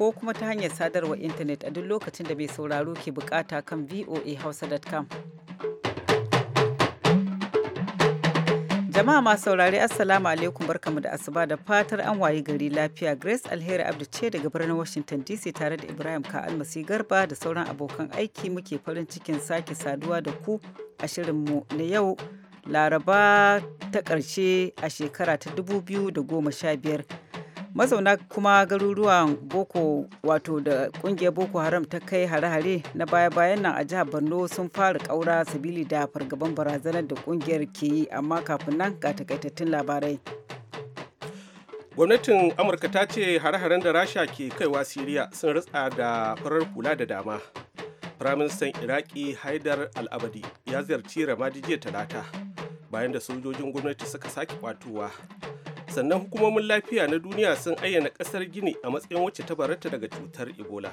ko kuma ta hanyar sadarwar intanet a duk lokacin da mai sauraro ke bukata kan voahausa.com. Jama'a masu saurari Assalamu alaikum barkamu da asuba da fatar an waye gari lafiya Grace Alheri Abdu ce daga birnin Washington DC tare da Ibrahim ka Masi Garba da sauran abokan aiki muke farin cikin sake saduwa da ku a shirinmu na yau Laraba ta karshe a shekara ta 2015. mazauna kuma garuruwan boko wato da kungiyar boko haram ta kai hare-hare na baya-bayan nan a jihar borno sun fara kaura sabili da fargaban barazanar da kungiyar ke yi amma kafin nan ga takaitattun labarai gwamnatin amurka ta ce hare-haren da rasha ke kaiwa siriya sun ritsa da farar kula da dama firaministan iraki haidar al'abadi ya ziyarci ramadi jiya talata bayan da sojojin gwamnati suka sake kwatowa sannan hukumomin lafiya na duniya sun ayyana kasar gini a matsayin wacce ta barata daga cutar ebola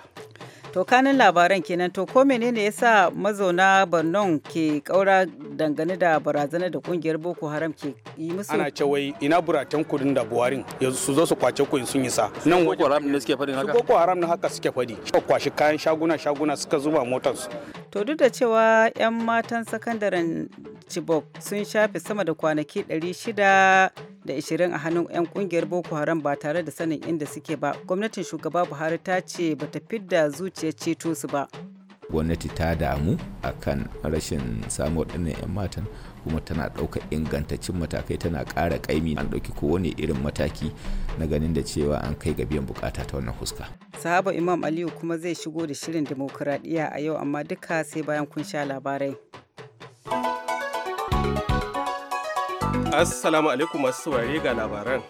to kanin labaran kenan to ko menene yasa mazauna borno ke kaura dangane da barazana da kungiyar boko haram ke yi musu ana ce wai ina buratan kudin da buwarin yanzu su zo su kwace ku sun yi sa nan boko haram ne suke fadi haka boko haram ne haka suke fadi kwashi kayan shaguna shaguna suka zuba motar su to duk da cewa yan matan sakandaren chibok sun shafe sama da kwanaki 600 da 20 a hannun 'yan kungiyar boko haram ba tare da sanin inda suke ba gwamnatin shugaba buhari ta ce bata fidda zuciyar ceto su ba gwamnati ta damu akan rashin samun waɗannan 'yan matan kuma tana ɗaukar ingantaccen matakai tana ƙara ƙaimi an ɗauki kowane irin mataki na ganin da cewa an kai ga biyan bukata ta wannan fuska. sahaba imam aliyu kuma zai shigo da shirin demokuraɗiyya a yau amma duka sai bayan kun sha labarai. Assalamu alaikum masu saurari ga labaran.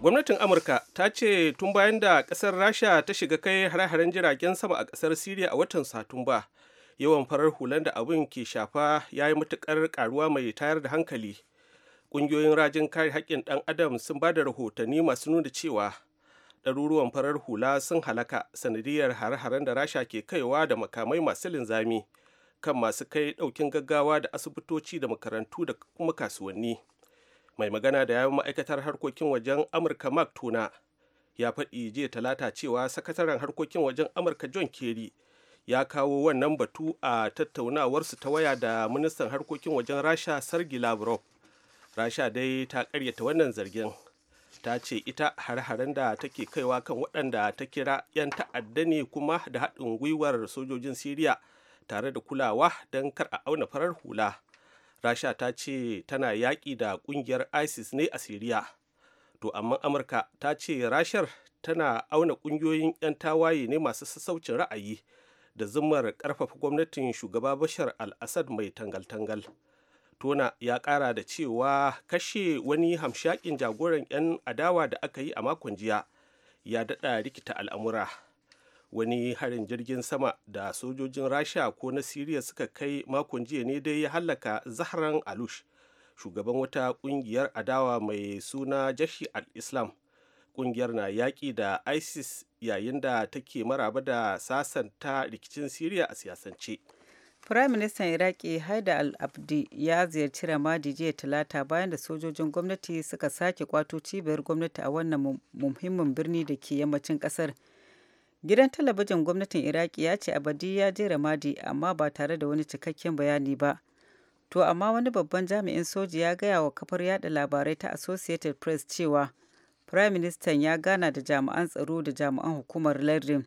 Gwamnatin Amurka ta ce tun bayan da ƙasar Rasha ta shiga kai hare-haren jiragen sama a ƙasar Siriya a watan Satumba, yawan farar hulan da abin ke shafa ya yi matuƙar ƙaruwa mai tayar da hankali. Ƙungiyoyin rajin kare haƙƙin ɗan adam sun ba da rahotanni masu nuna cewa ɗaruruwan farar hula sun halaka sanadiyar hare-haren da Rasha ke kaiwa da makamai masu linzami. kan masu kai ɗaukin gaggawa da asibitoci da makarantu da kuma kasuwanni mai magana da yawon ma'aikatar harkokin wajen amurka mark tuna ya faɗi jiya talata cewa sakataren harkokin wajen amurka john kerry ya kawo wannan batu a tattaunawarsu ta waya da ministan harkokin wajen rasha sargi lavrov rasha dai ta karyata wannan zargin ta ce ita har-haren da take kaiwa kan waɗanda ta kira 'yan ta'adda ne kuma da haɗin gwiwar sojojin siriya tare da kulawa don kar a auna farar hula rasha ta ce tana yaƙi da ƙungiyar isis ne a siriya to amma amurka ta ce rashar tana auna ƙungiyoyin 'yan tawaye ne masu sassaucin ra'ayi da zumar ƙarfafa gwamnatin shugaba bashar al-assad mai tangal-tangal tona ya ƙara da cewa kashe wani hamshakin jagoran 'yan adawa da aka yi a makon jiya ya daɗa rikita al'amura wani harin jirgin sama da sojojin rasha ko na siriya suka kai makon jiya ne dai ya hallaka zahran alush shugaban wata kungiyar adawa mai suna jashi al-islam kungiyar na yaƙi da isis yayin da take maraba da sasanta rikicin siriya a siyasance Firaministan Iraki Haida al-Abdi ya ziyarci Ramadi jiya Talata bayan da sojojin gwamnati suka sake kwato cibiyar gwamnati a wannan muhimmin birni da ke yammacin kasar. Gidan talabijin gwamnatin Iraki ya ce Abadi ya je Ramadi amma ba tare da wani cikakken bayani ba. To amma wani babban jami'in soji ya gaya wa kafar yada labarai ta Associated Press cewa Prime Minister ya gana da jami'an tsaro da jami'an hukumar lardin.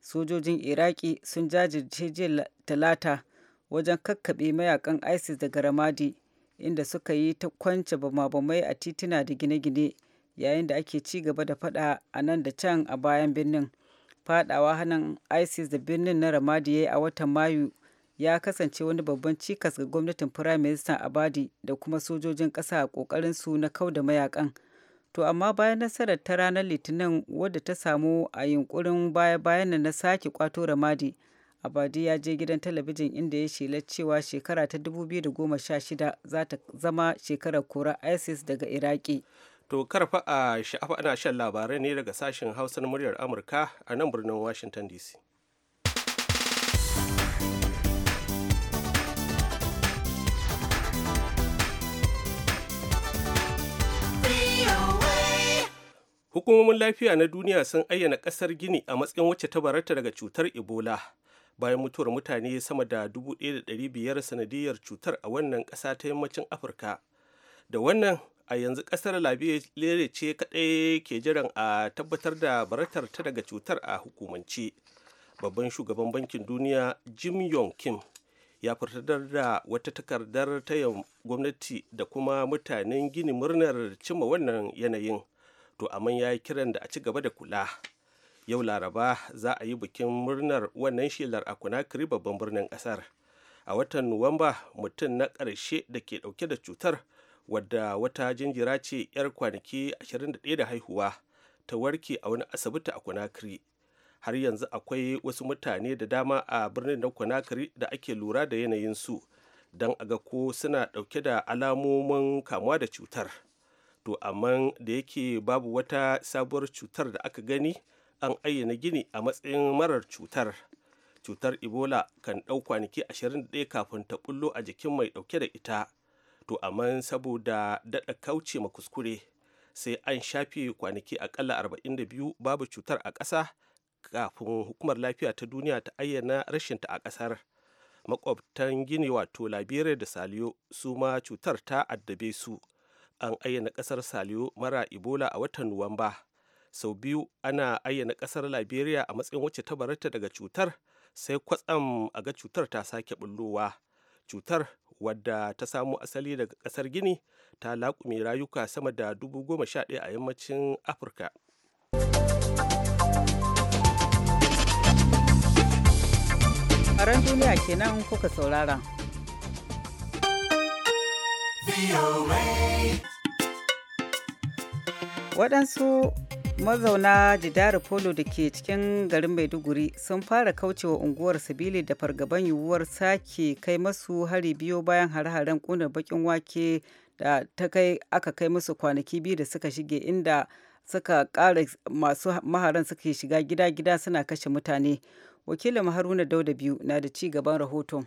Sojojin Iraki sun jajirce jiya talata wajen kakkaɓe mayakan ISIS daga Ramadi inda suka yi ta kwance bamabamai a tituna da gine-gine yayin da ake ci gaba da fada a nan da can a bayan birnin. fadawa hannun isis da birnin na ramadi ya a watan mayu ya kasance wani babban cikas ga gwamnatin firaministan abadi da kuma sojojin kasa a kokarin su na kau da mayakan to amma bayan nasarar ta ranar litinin wadda ta samu a yunkurin baya-bayan na sake kwato ramadi abadi ya je gidan talabijin inda ya shela cewa shekara ta 2016 za ta zama shekarar korar isis daga iraki To karfa a sha'afa ana shan labarai ne daga sashen Hausa muryar Amurka a nan birnin Washington DC. Hukumomin lafiya na duniya sun ayyana ƙasar Gini a matsayin wacce ta barata daga cutar Ebola. Bayan mutuwar mutane sama da 1,500 sanadiyar cutar a wannan ƙasa ta yammacin Afirka. Da wannan a yanzu kasar liberia ce kadai ke jiran a tabbatar da baratar ta daga cutar a hukumance babban shugaban bankin duniya jim yong kim ya furtar da wata takardar tayan gwamnati da kuma mutanen gini murnar cimma wannan yanayin to amma ya yi kiran da a ci gaba da kula yau laraba za a yi bikin murnar wannan shelar a kunakiri babban birnin kasar a watan nuwamba mutum na ƙarshe da ke ɗauke da cutar wadda wata jinjira ce 'yar kwanaki 21 da haihuwa ta warke a wani asibiti a Conakry. Har yanzu akwai wasu mutane da dama a birnin na Conakry da ake lura da yanayin su don a ga ko suna ɗauke da alamomin kamuwa da cutar. To amma da yake babu wata sabuwar cutar da aka gani an ayyana gini a matsayin marar cutar. Cutar Ebola kan ɗau kwanaki 21 kafin ta bullo a jikin mai ɗauke da ita. to amma saboda daɗa kauce ma kuskure sai an shafe kwanaki akalla 42 babu cutar a ƙasa kafin hukumar lafiya ta duniya ta ayyana rashinta a ƙasar makwabtan gini wato labirai da saliyo su ma cutar ta addabe su an ayyana ƙasar saliyo mara ebola a watan nuwamba sau biyu ana ayyana ƙasar liberia a matsayin wacce ta barata daga cutar sai kwatsam a ga cutar ta sake bullowa cutar wadda ta samo asali daga kasar gini ta laƙumi rayuka sama da dubu goma sha ɗaya a yammacin afirka Taron duniya kenan kuka saurara. Waɗansu mazauna jidara polo da ke cikin garin maiduguri sun fara kaucewa unguwar sabili da fargaban yiwuwar sake kai masu hari biyu bayan hare-haren kuna bakin wake da ta kai aka kai masu kwanaki biyu da suka shige inda suka kara masu maharan suka shiga gida-gida suna kashe mutane wakilin haruna dauda biyu na da ci gaban rahoton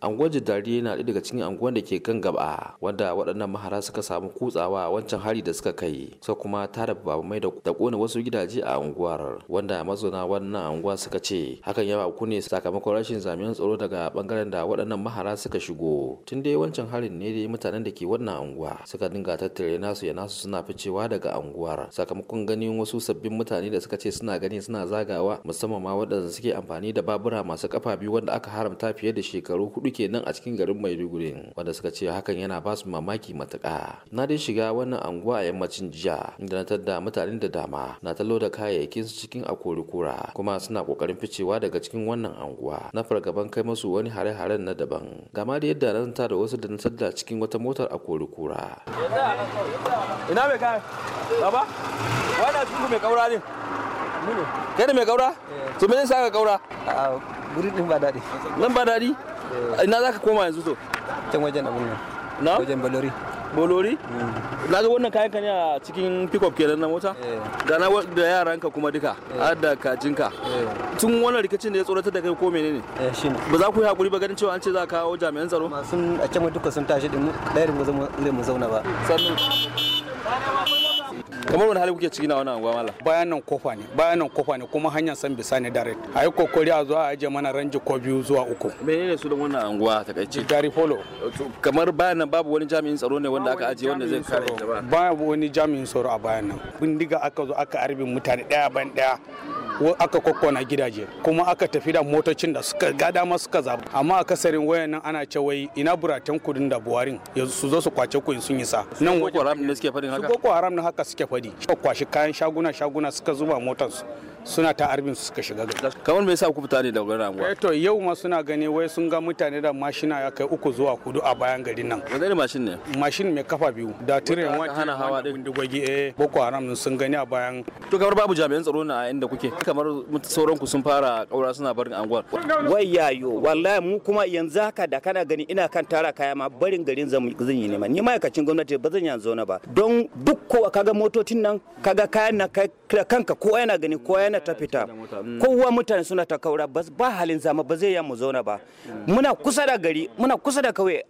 anguwar jidari na ɗaya daga cikin anguwan da ke kan gaba wanda waɗannan mahara suka samu kutsawa wancan hari da suka kai suka kuma tara babamai da kona wasu gidaje a anguwar wanda mazauna wannan anguwa suka ce hakan ya ku ne sakamakon rashin zamiyan tsaro daga bangaren da waɗannan mahara suka shigo tun dai wancan harin ne dai mutanen da ke wannan anguwa suka dinga tattare nasu ya nasu suna ficewa daga anguwar sakamakon ganin wasu sabbin mutane da suka ce suna gani suna zagawa musamman ma waɗanda suke amfani da babura masu kafa biyu wanda aka haramta fiye da shekaru hudu uku nan a cikin garin maiduguri wanda suka ce hakan yana ba su mamaki matuƙa na dai shiga wannan anguwa a yammacin jiya inda na tadda mutanen da dama na tallo da kayayyakin su cikin akori kura kuma suna kokarin ficewa daga cikin wannan anguwa na fargaban kai musu wani hare-haren na daban gama da yadda na da wasu da na tadda cikin wata motar kura. ina mai kai baba Wannan a mai kaura ne kai da mai kaura eh. to me sa ka kaura a ah, gurin din ba daɗi nan ba daɗi Eh, ina za ka koma yanzu to can wajen abin nan na wajen balori bolori mm. na ga wannan kayan ka ne a cikin pickup kenan na mota eh. ga na da yaranka kuma duka eh. har da kajinka tun wannan rikicin da ya tsoratar da kai ko menene ba za ku yi hakuri ba ganin cewa an ce za ka kawo jami'an tsaro sun a can duka sun tashi din ɗaya da mu zauna ba sannan kamar wani hali kuke ciki na wani anguwa mala bayan nan kofa ne bayan nan kofa ne kuma hanyar san bisa ne direct a yi kokori a zuwa a ajiye mana ranji ko biyu zuwa uku menene su da wannan anguwa ta kai ce gari polo kamar bayan nan babu wani jami'in tsaro ne wanda aka ajiye wanda zai kare ba babu wani jami'in tsaro a bayan nan bindiga aka zo aka arbin mutane daya bayan daya aka kokkona gidaje kuma aka tafi da motocin da suka gada dama suka zaba amma akasarin wayan nan ana ce wai ina buratan kudin da buwarin su zo su kwace ku sun yi sa nan wajen haram ne suke fadi haka suke fadi kwashi kayan shaguna shaguna suka zuba motarsu. suna ta arbin su suka shiga gari kamar me yasa ku fita ne daga ramuwa eh to yau ma suna gani wai sun ga mutane da mashina ya kai uku zuwa hudu a bayan garin nan wanda ne mashin ne mashin mai kafa biyu da tire wani hana hawa din bindigogi eh boko haram sun gani a bayan to kamar babu jami'an tsaro na inda kuke kamar sauran ku sun fara kaura suna barin anguwar wai yayo wallahi mu kuma yanzu haka da kana gani ina kan tara kaya ma barin garin zan yi ne ma ni ma'aikacin gwamnati ba zan yanzu na ba don duk ko kaga motocin nan kaga kayan na kai kanka kowa yana gani kowa china ta eh, fita mm. kowa mutane suna ta kaura ba halin zama ba zai mu zauna ba mm. muna kusa da gari muna kusa da kawai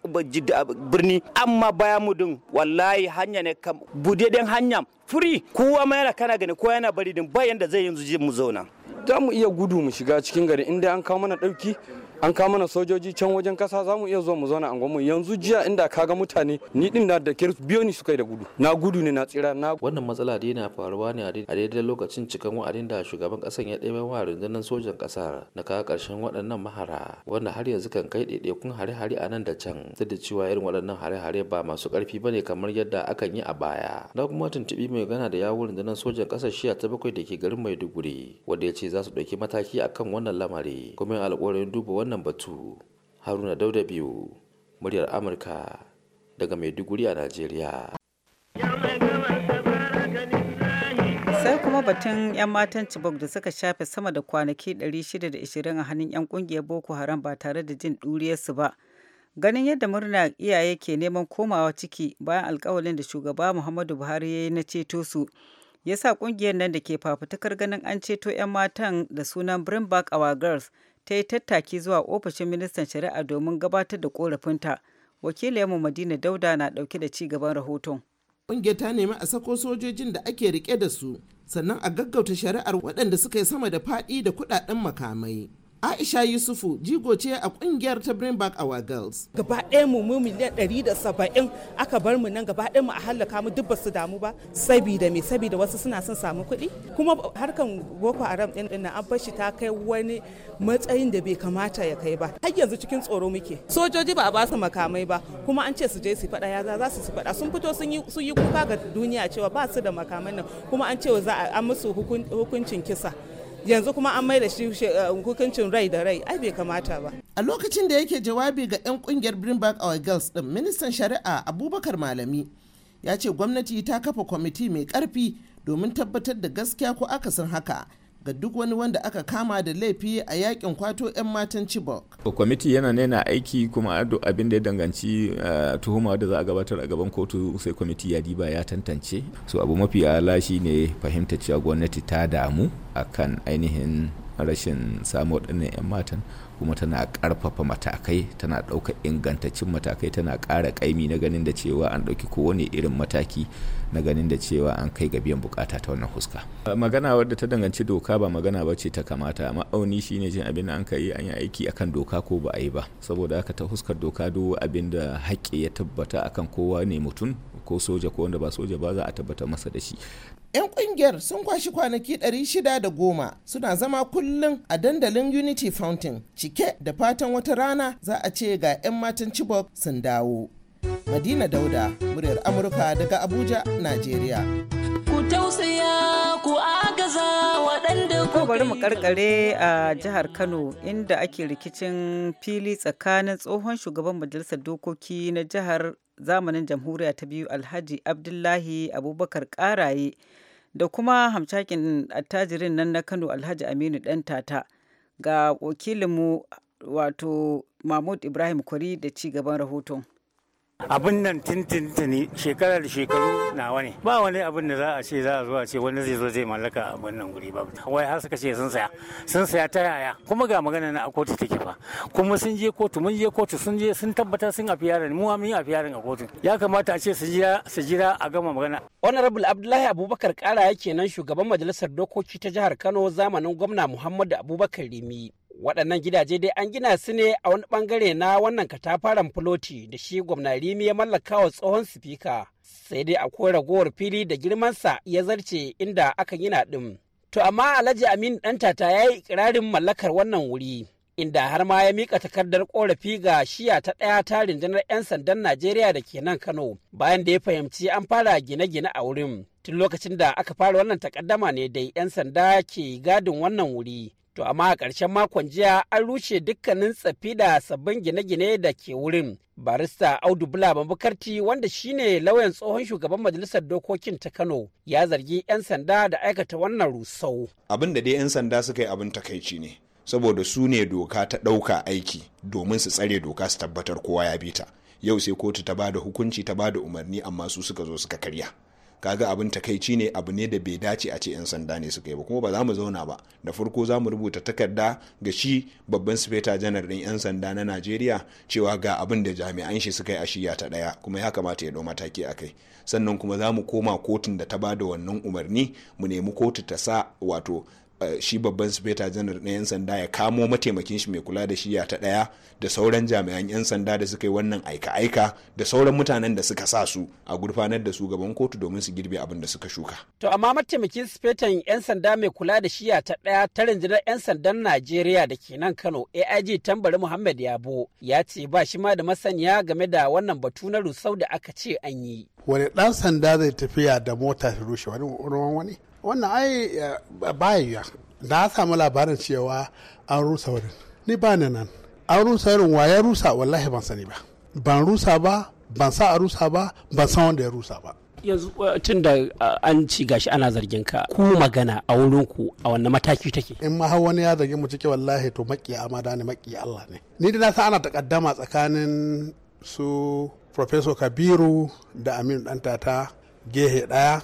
birni amma baya mudun wallahi hanya ne kam budeden hanya furi kowa ma yana kana gani kowa yana bari din ba yanda zai yanzu mu zauna za mu iya gudu mu shiga cikin gari inda an kawo mana dauki an kama na sojoji can wajen kasa za mu iya zuwa mu zauna anguwanmu yanzu jiya inda ga mutane ni din na da kirs biyo ni suka yi da gudu na gudu ne na tsira na wannan matsala dai na faruwa ne a daidai lokacin cikan wa'adin da shugaban kasan ya ɗaya wa rundunar sojan kasa na kawo karshen waɗannan mahara wanda har yanzu kan kai ɗaiɗaikun hare-hare a nan da can duk da cewa irin waɗannan hare-hare ba masu ƙarfi ba ne kamar yadda akan yi a baya na kuma tuntuɓi mai gana da yawon rundunar sojan ƙasar shiya ta bakwai da ke garin maiduguri wanda ya ce za su ɗauki mataki akan wannan lamari kuma alƙawarin duba wannan batu haruna dauda biyu muryar amurka daga maiduguri a najeriya sai kuma batun 'yan matan cibok da suka shafe sama da kwanaki 620 a hannun 'yan kungiyar boko haram ba tare da jin su ba ganin yadda murna iyaye ke neman komawa ciki bayan alkawalin da shugaba muhammadu buhari ya yi na ceto su ya sa kungiyar nan da ke fafutukar ganin an ceto 'yan matan da sunan brimbak our girls ta yi tattaki zuwa ofishin ministan shari'a domin gabatar da korafinta wakilinmu madina dauda na dauke da ci gaban rahoton ƙungiyar ta nemi a sako sojojin da ake rike da su sannan a gaggauta shari'ar waɗanda suka yi sama da faɗi da kuɗaɗen makamai Aisha Yusufu jigo ce a kungiyar ta Bring Back Our Girls. Gaba ɗaya mu mu miliyan ɗari da saba'in aka bar mu nan gaba ɗaya mu a hallaka mu duk basu damu ba sabida me sabida wasu suna son samu kuɗi kuma harkan Boko Haram ɗin nan an bashi ta kai wani matsayin da bai kamata ya kai ba har yanzu cikin tsoro muke sojoji ba a basu makamai ba kuma an ce su je su faɗa ya za su su faɗa sun fito sun yi sun yi kuka ga duniya cewa ba su da makamai nan kuma an ce za a musu hukuncin kisa yanzu kuma an maida shi eh, hukuncin rai da rai ai bai kamata ba a lokacin da yake jawabi ga 'yan kungiyar bring back our girls din ministan shari'a abubakar malami ya ce gwamnati ta kafa kwamiti mai karfi domin tabbatar da gaskiya ko akasin haka ga duk wani wanda aka kama da laifi a yakin kwato 'yan matan Chibok. Kwamiti yana nena aiki kuma abin da ya danganci eh, tuhuma da za a gabatar a gaban kotu sai kwamiti ya diba ya tantance. So abu mafi ala shi ne fahimta cewa gwamnati ta damu a kan ainihin rashin samu waɗannan 'yan matan kuma tana ƙarfafa matakai tana ɗaukar ingantaccen matakai tana ƙara ƙaimi na ganin da cewa an ɗauki kowane irin mataki na ganin da cewa an kai ga biyan bukata ta wannan huska magana wadda ta danganci doka ba magana ba ce ta kamata ma'auni shine jin abin da an kai an yi aiki akan doka ko ba a yi ba saboda haka ta huskar doka duk abin da haƙƙi ya tabbata akan kowa ne mutum ko soja ko wanda ba soja ba za a tabbata masa da shi 'yan kungiyar sun kwashi kwanaki 610 suna zama kullum a dandalin unity fountain cike da fatan wata rana za a ce ga 'yan matan chibok sun dawo Madina Dauda, muryar Amurka daga Abuja, Najeriya. Ku tausaya ku agaza waɗanda ku bari mu karkare a jihar Kano inda ake rikicin fili tsakanin tsohon shugaban majalisar dokoki na jihar zamanin jamhuriya ta biyu Alhaji Abdullahi Abubakar Karaye da kuma hamshakin attajirin nan na Kano Alhaji Aminu Dantata ga wakilinmu wato Mahmud Ibrahim Kwari da ci gaban rahoton. abin nan ne shekara da shekaru nawa ne ba wani abin da za a ce za a zuwa ce wani zai zo zai mallaka a wannan guri ba wai har suka ce sun saya sun saya ta yaya kuma ga magana na a kotu take fa kuma sun je kotu mun je kotu sun je sun tabbata sun afi yaran mu mun yi afi a kotu ya kamata a ce su jira su jira a gama magana honorable abdullahi abubakar kara yake nan shugaban majalisar dokoki ta jihar kano zamanin gwamna muhammadu abubakar rimi waɗannan gidaje dai an gina su ne a wani ɓangare na wannan katafaren filoti da shi gwamna rimi ya mallaka wa tsohon sifika sai dai akwai ragowar fili da girmansa ya zarce inda aka gina ɗin to amma alhaji amin ɗan tata ya yi ikirarin mallakar wannan wuri inda har ma ya mika takardar korafi ga shiya ta ɗaya ta rundunar 'yan sandan najeriya da ke nan kano bayan da ya fahimci an fara gine-gine a wurin tun lokacin da aka fara wannan takaddama ne dai 'yan sanda ke gadin wannan wuri To amma a ƙarshen makon jiya an rushe dukkanin tsafi da sabbin gine-gine da ke wurin. Barista Audu Bula Mabukarti wanda shine lauyan tsohon shugaban majalisar dokokin ta Kano ya zargi 'yan sanda da aikata wannan rusau. Abin da dai 'yan sanda suka yi abin takaici ne. Saboda su ne doka ta ɗauka aiki domin su tsare doka su tabbatar kowa ya bi ta. Yau sai kotu ta bada hukunci ta ba da umarni amma su suka zo suka karya. kaga abin takaici ne abu ne da bai dace a ce 'yan sanda ne suka yi ba kuma ba za mu zauna ba da farko za mu rubuta takarda ga shi babban sufeta janar ɗin 'yan sanda na najeriya cewa ga abin da jami'an shi suka yi a shiya ta ɗaya kuma ya kamata ya ɗau mataki a kai sannan kuma za mu koma kotun da ta ba da wannan umarni mu nemi kotu ta sa wato Eh, shi babban sufeta janar na 'yan sanda ya kamo mataimakin shi mai kula da shiya ta daya da sauran jami'an 'yan sanda da suka yi wannan aika-aika da sauran mutanen da suka sa su a gurfanar da su gaban kotu domin su girbe abin da suka shuka. To amma mataimakin sufetan 'yan sanda mai kula da shiya ta daya ta rundunar 'yan sandan Najeriya da ke nan Kano AIG Tambari Muhammad Yabo ya ce ba shi ma da masaniya game da wannan batu na rusau da aka ce an yi. Wani ɗan sanda zai tafiya da mota ta rushe wani wani wannan ai bayayya. na samu labarin cewa an rusa wurin ni ba ni nan an rusa wurin wa ya rusa wallahi ban sani ba ban rusa ba ban sa a rusa ba ban san wanda ya rusa ba yanzu uh, tun da uh, an ci gashi ana zargin ka ku magana a wurin ku a wannan mataki take in ma har wani ya zargi mu cike wallahi to maki amada ne maki Allah ne ni da na san ana takaddama tsakanin su professor Kabiru da Aminu Dantata gehe daya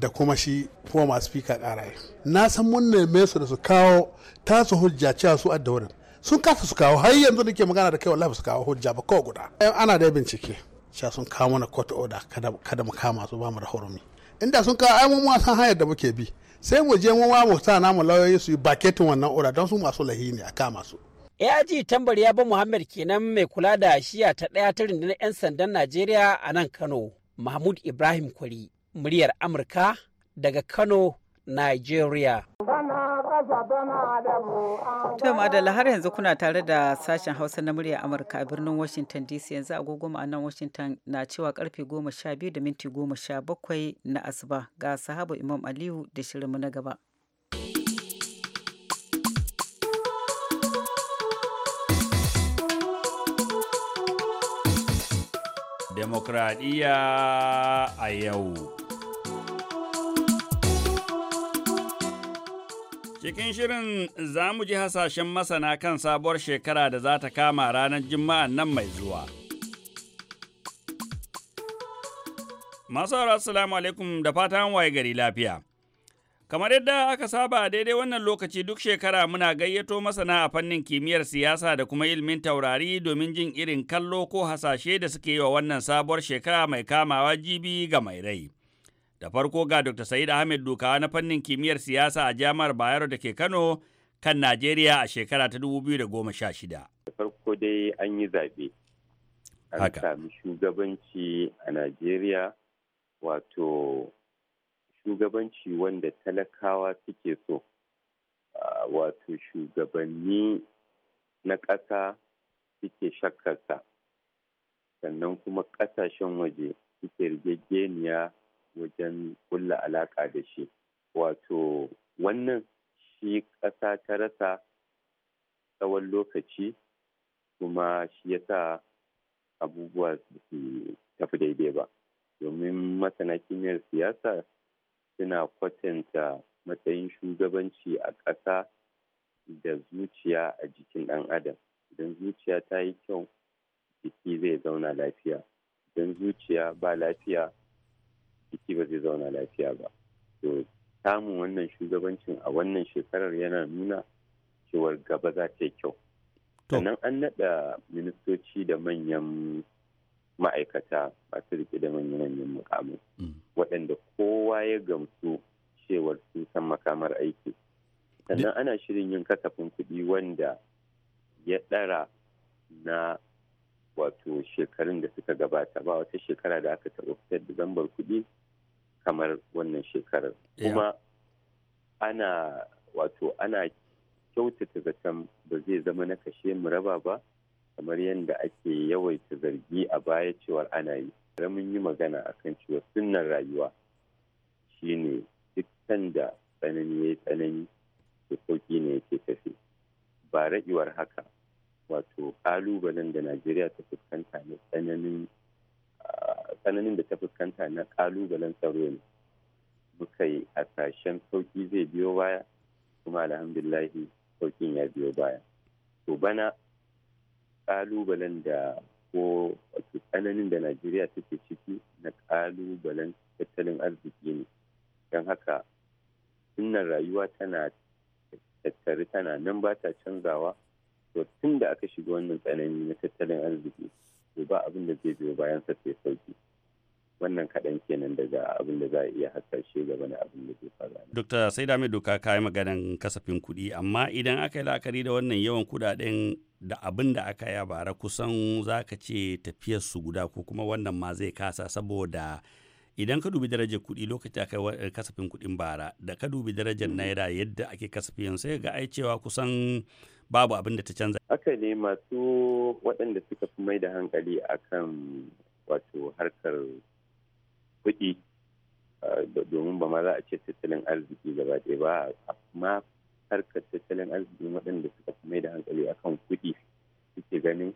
da kuma shi former speaker karaye na san wannan mai su da su kawo tasu hujja cewa su adda wurin sun kasa su kawo har yanzu nake magana da kai wallahi su kawo hujja ba kawai guda eh, ana da bincike cewa sun kawo mana court order kada mu kama su ba mu da hurumi inda sun kawo ai mu san hanyar da muke bi sai mu je mu ma mu sa namu lauyoyi su yi baketin wannan order don su masu lahi ne a kama su AIG tambar ya ba Muhammad kenan mai kula da shiya ta ɗaya ta rundunar 'yan sandan Najeriya a nan Kano, Mahmud Ibrahim Kwari. muryar Amurka daga Kano, Nigeria. To Madalla har yanzu kuna tare da sashen Hausa na murya Amurka a birnin Washington DC yanzu agogo a nan Washington na cewa karfe sha biyu da minti sha bakwai na asuba ga sahabu Imam Aliyu da shirinmu na gaba. Demokradiyya a yau. Cikin shirin za mu ji hasashen masana kan sabuwar shekara da za ta kama ranar Juma'a nan mai zuwa. Masu assalamu alaikum da fatan waye gari lafiya. Kamar yadda aka saba daidai wannan lokaci duk shekara muna gayyato masana a fannin kimiyyar siyasa da kuma ilimin taurari domin jin irin kallo ko hasashe da suke yi wa wannan sabuwar shekara mai kamawa jibi ga mai rai. Da farko ga Dr. Sa'id Ahmed Dukawa na fannin kimiyyar siyasa a jami'ar Bayero da ke Kano kan Najeriya a shekara ta 2016. Da farko dai an yi zaɓe. An sami shugabanci a Najeriya wato shugabanci wanda talakawa suke so. Wato shugabanni na ƙasa suke shakkarsa sannan kuma ƙasashen waje suke rigegeniya wajen kulla alaƙa da shi wato wannan shi ƙasa ta rasa tsawon lokaci kuma shi ya sa abubuwa su tafi daidai ba domin masana kimiyyar siyasa suna kwatanta matsayin shugabanci a ƙasa da zuciya a jikin ɗan adam idan zuciya ta yi kyau jiki zai zauna lafiya idan zuciya ba lafiya ciki ba zai zauna lafiya ba to samun wannan shugabancin a wannan shekarar yana nuna cewar gaba za ta yi kyau sannan an naɗa ministoci da manyan ma'aikata masu rike da manyan mukamai mm. waɗanda kowa ya gamsu cewar su san makamar aiki sannan ana shirin yin kasafin kuɗi wanda ya ɗara na wato shekarun da suka gabata ba wata shekara da aka taɓa fitar da zambar kuɗi kamar wannan shekarar kuma ana wato ana kyautata zaton ba zai zama na kashe mu raba ba kamar yadda ake yawaita zargi a baya cewar ana yi ramin yi magana akan cewa sunnan rayuwa shine dukkan da tsanani ya yi tsanani da sauƙi ne yake tafi ba raɗiwar haka wato ƙalubalen da najeriya ta fuskanta ne tsananin tsananin da ta fuskanta na kalubalen tsaro ne muka yi sashen sauki zai biyo baya kuma alhamdulahi saukin ya biyo baya to bana kalubalen da ko tsananin da najeriya take ciki na kalubalen tattalin arziki ne don haka sunan rayuwa tana tattari tana nan ba ta canzawa to tun da aka shiga wannan tsanani na tattalin arziki to ba abin da zai biyo bayan sa sai sauki wannan kaɗan kenan daga abin da za a iya hasashe gaba wani abin da zai faru. Dokta sai da mai doka ka yi maganan kasafin kuɗi amma idan aka yi la'akari da wannan yawan kuɗaɗen da abin da aka yi bara kusan za ka ce tafiyar su guda ko kuma wannan ma zai kasa saboda idan ka dubi darajar kuɗi lokacin aka yi eh, kasafin kuɗin bara da ka dubi darajar naira yadda ake kasafin sai ga ai cewa kusan babu abin da ta canza. Haka ne masu waɗanda suka fi mai da hankali akan wato harkar kuɗi eh, domin ba ma za a ce tattalin arziki gaba ɗaya ba amma harkar tattalin arziki waɗanda suka fi mai da hankali akan kuɗi suke ganin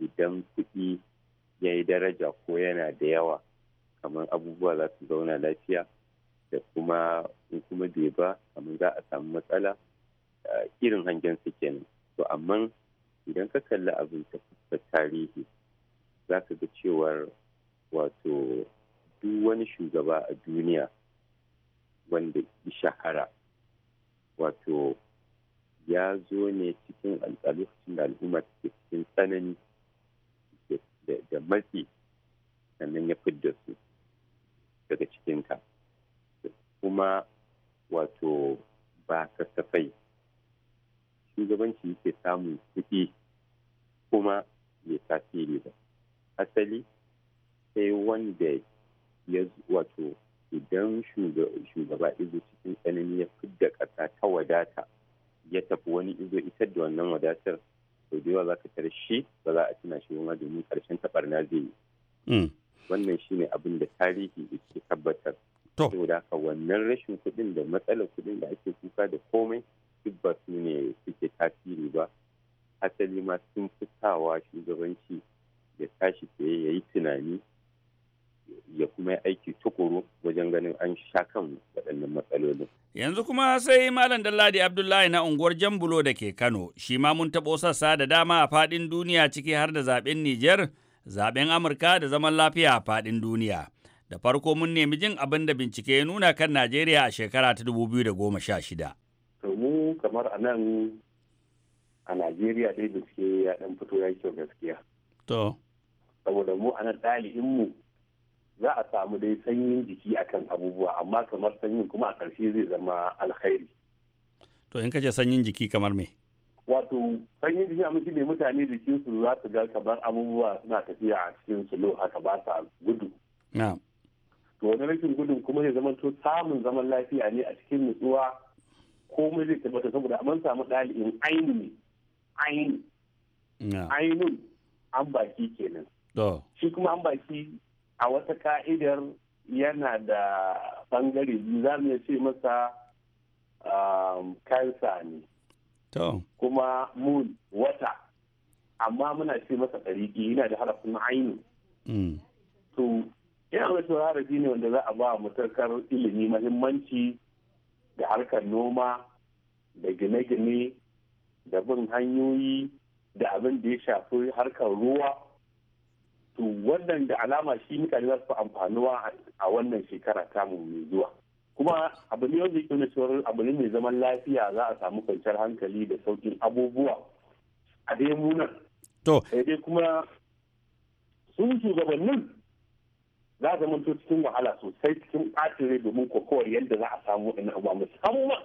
idan kuɗi ya yi daraja ko yana da yawa kamar abubuwa za su zauna lafiya da kuma in kuma bai ba kamar za a samu matsala eh, irin hangen su kenan to amma idan ka kalli abin ta tarihi za ka ga cewar wato duk wani shugaba a duniya wanda ya shahara wato ya zo ne cikin lokacin da al'umma take cikin tsanani da matsi sannan ya fidda su daga cikinka kuma wato ba kasafai shugabanci yake samun kuɗi kuma ya tasiri ba asali sai wanda ya wato idan shugaba izo cikin tsanani ya fidda ƙasa ta wadata ya tafi wani izo isar da wannan wadatar to da yawa za ka tare shi ba za a tuna shi ba domin ƙarshen taɓarna zai yi. Mm. Wannan shi ne abin da tarihi yake tabbatar. da ka wannan rashin kuɗin da matsalar kuɗin da ake kuka da komai duk ba su ne suke tasiri ba. Asali ma sun fi sawa shugabanci ya tashi ke ya yi tunani ya kuma aiki tukuru wajen ganin an sha kan waɗannan matsaloli. Yanzu kuma sai Malam ladi Abdullahi na unguwar Jambulo da ke Kano, shi ma mun taɓo sassa da dama a faɗin duniya ciki har da zaɓen Nijar, zaɓen Amurka da zaman lafiya a faɗin duniya. Da farko mun nemi jin abin da bincike ya nuna kan Najeriya a shekara ta dubu biyu da goma sha shida. mu kamar a nan a Najeriya dai bincike ya ɗan fito ya kyau gaskiya. To. Saboda mu a nan ɗalibinmu za a samu dai sanyin jiki akan abubuwa amma kamar sanyin kuma a ƙarshe zai zama alkhairi to in kace sanyin jiki kamar me wato sanyin jiki abinci ne mutane jikinsu za su ga kamar abubuwa suna tafiya a cikin sulo haka ba sa gudu to wani rashin gudun kuma zai zama to samun zaman lafiya ne a cikin nutsuwa komai zai tabbata saboda an samu ɗalibin ainihin aini ainihin an baki kenan shi kuma an baki a wata ka'idar yana da bangare za mu ce masa kansa um, ne kuma moon wata amma muna ce masa ɗariƙi yana da harafin ainu mm. to yana da cewa harafi ne wanda za a ba mutarkar ilimi mahimmanci da harkar noma da gine-gine da bin hanyoyi da abin da ya shafi harkar ruwa to wannan da alama shi mutane za su amfanuwa a wannan shekara tamu mai zuwa kuma abu ne wanda yake nuna abu ne mai zaman lafiya za a samu kwanciyar hankali da saukin abubuwa a dai munar to dai kuma sun shugabannin za a zama cikin wahala sosai cikin ɓacin domin kokowar yadda za a samu waɗannan abubuwa musamman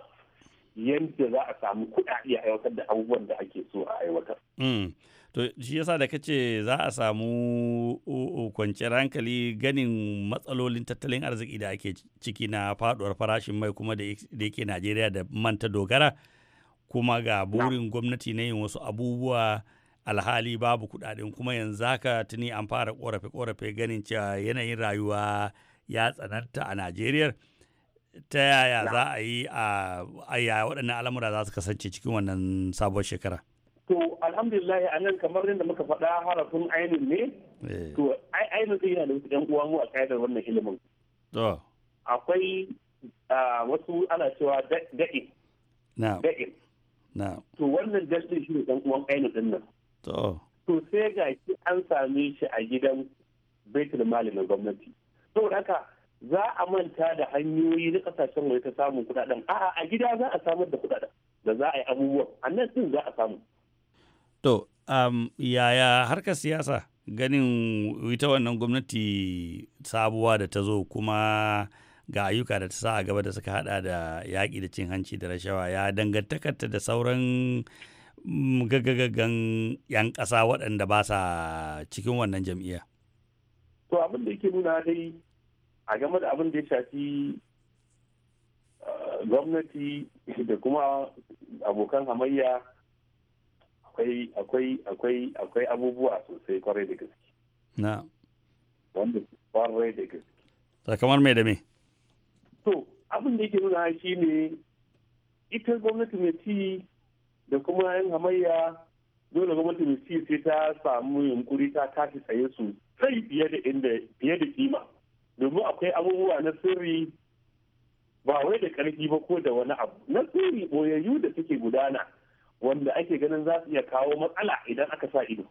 yadda za a samu kuɗaɗe a aiwatar da abubuwan da ake so a aiwatar. Mm. to shi yasa da kace za a samu kwanciyar hankali ganin matsalolin tattalin arziki da ake ciki na faduwar farashin mai kuma da yake najeriya da manta dogara kuma ga burin gwamnati na yin wasu abubuwa alhali babu kudaden kuma yanzu haka tuni an fara korafe korafe ganin cewa yanayin rayuwa ya tsananta a najeriya ta yaya za a yi a waɗannan al'amura za su kasance cikin wannan sabuwar shekara to alhamdulillah a nan kamar yadda muka faɗa harafin ainihin ne eh. to ainihin zai yana da wasu ɗan uwa mu a ƙa'idar wannan ilimin akwai wasu ana cewa daɗi daɗi to wannan daɗin shi ne ɗan uwan ainihin ɗin nan to sai ga shi an same shi a gidan baitul malamin gwamnati to haka za a manta da hanyoyi na kasashen waje ta samun kuɗaɗen a'a a gida za a samar da kuɗaɗen da za a yi abubuwan a nan din za a samu To, um, yaya harkar siyasa ganin ita wannan gwamnati sabuwa da ta zo kuma ga ayyuka da ta sa a gaba da suka hada da yaƙi da cin hanci da rashawa ya dangantakarta da sauran mm, gagagagan 'yan ƙasa waɗanda ba sa cikin wannan jam'iyya. To abin da yake nuna dai a game da abin da ya shafi ah, gwamnati da kuma abokan hamayya akwai akwai akwai akwai abubuwa sosai kwarai da gaske na wanda kwarai da gaske kamar mai da me to abin da yake nuna shi ne ita gwamnati mai ci da kuma yan hamayya dole gwamnati mai ci sai ta samu yunkuri ta tashi tsaye su. Sai fiye da inda fiye da kima domin akwai abubuwa na sirri ba wai da ƙarfi ba ko da wani abu na sirri boyayyu da suke gudana wanda ake ganin za su iya kawo matsala idan aka sa ido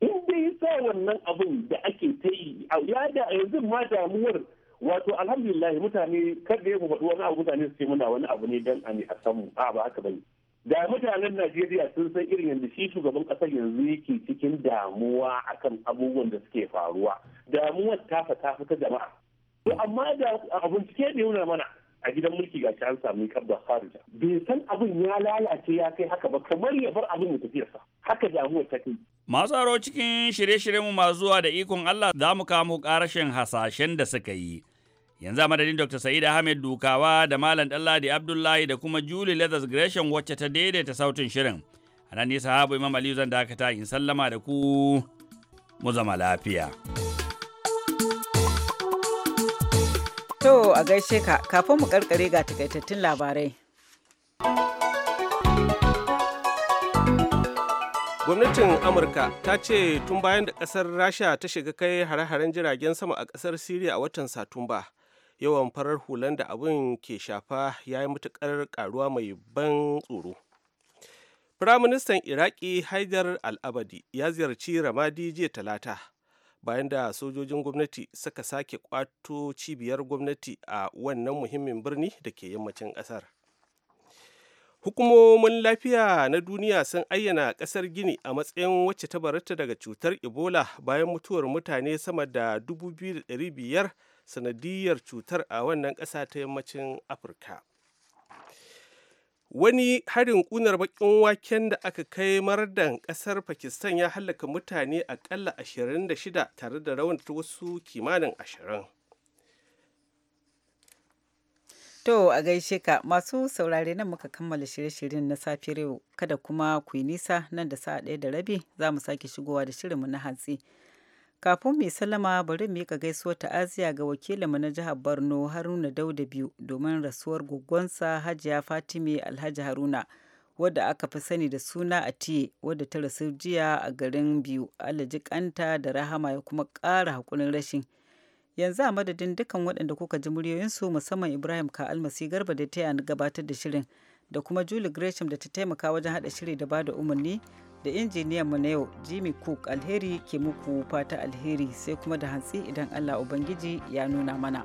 in dai sa wannan abin da ake ta yi ya da yanzu ma damuwar wato alhamdulillah mutane kada ya faɗi wani abu mutane su ce muna wani abu ne dan a samu a ba haka bane da mutanen najeriya sun san irin yadda shi shugaban ƙasar yanzu yake cikin damuwa akan abubuwan da suke faruwa damuwar tafa ta fita jama'a to amma da a bincike da nuna mana a gidan mulki ga an samu kabba farida bai san abin ya lalace ya kai haka ba kamar ya bar abin ya tafi sa haka damuwar ta kai masu aro cikin shirye-shiryenmu masu zuwa da ikon Allah za mu kamo karashin hasashen da suka yi yanzu a madadin Dr. Sa'id Ahmed Dukawa da Malam Dalladi Abdullahi da kuma Julie Leathers Gresham wacce ta daidaita sautin shirin a nan ne sahabu Imam Aliyu zan dakata in sallama da ku mu zama lafiya. To a gaishe ka kafin mu karkare ga takaitattun labarai. Gwamnatin Amurka ta ce tun bayan da ƙasar Rasha ta shiga kai hare-haren jiragen sama a ƙasar Siriya a watan Satumba. Yawan farar hulan da abin ke shafa ya yi matuƙar ƙaruwa mai ban tsoro. Firaministan Iraki Haidar al'abadi ya ziyarci Ramadi jiya Talata. bayan da sojojin gwamnati suka sake kwato cibiyar gwamnati a wannan muhimmin birni da ke yammacin ƙasar hukumomin lafiya na duniya sun ayyana ƙasar gini a matsayin wacce ta barata daga cutar ebola bayan mutuwar mutane sama da 2,500 sanadiyar cutar a wannan ƙasa ta yammacin afirka wani harin kunar bakin waken da aka kai mardan kasar pakistan ya hallaka mutane akalla 26 tare da raunata wasu kimanin ashirin. To a gaishe ka masu saurare nan muka kammala shirye-shiryen na safiyar yau kada kuma ku yi nisa nan da sa ɗaya da rabi za mu sake shigowa da shirinmu na hatsi. Kafin mai salama bari miƙa gaisuwar ta'aziya ga wakilinmu na jihar Borno Haruna Dauda biyu domin rasuwar goggonsa Hajiya Fatime Alhaji Haruna wadda aka fi sani da suna a tiye wadda ta rasu jiya a garin biyu Allah kanta da rahama ya kuma ƙara hakurin rashin. Yanzu a madadin dukkan waɗanda kuka ji muryoyinsu musamman Ibrahim Ka Almasi Garba da ta gabatar da shirin da kuma Julie Gresham da ta taimaka wajen haɗa shiri da bada umarni da injiniyan mu na yau jimmy cook alheri ke muku fata alheri sai kuma da hantsi idan allah ubangiji ya nuna mana.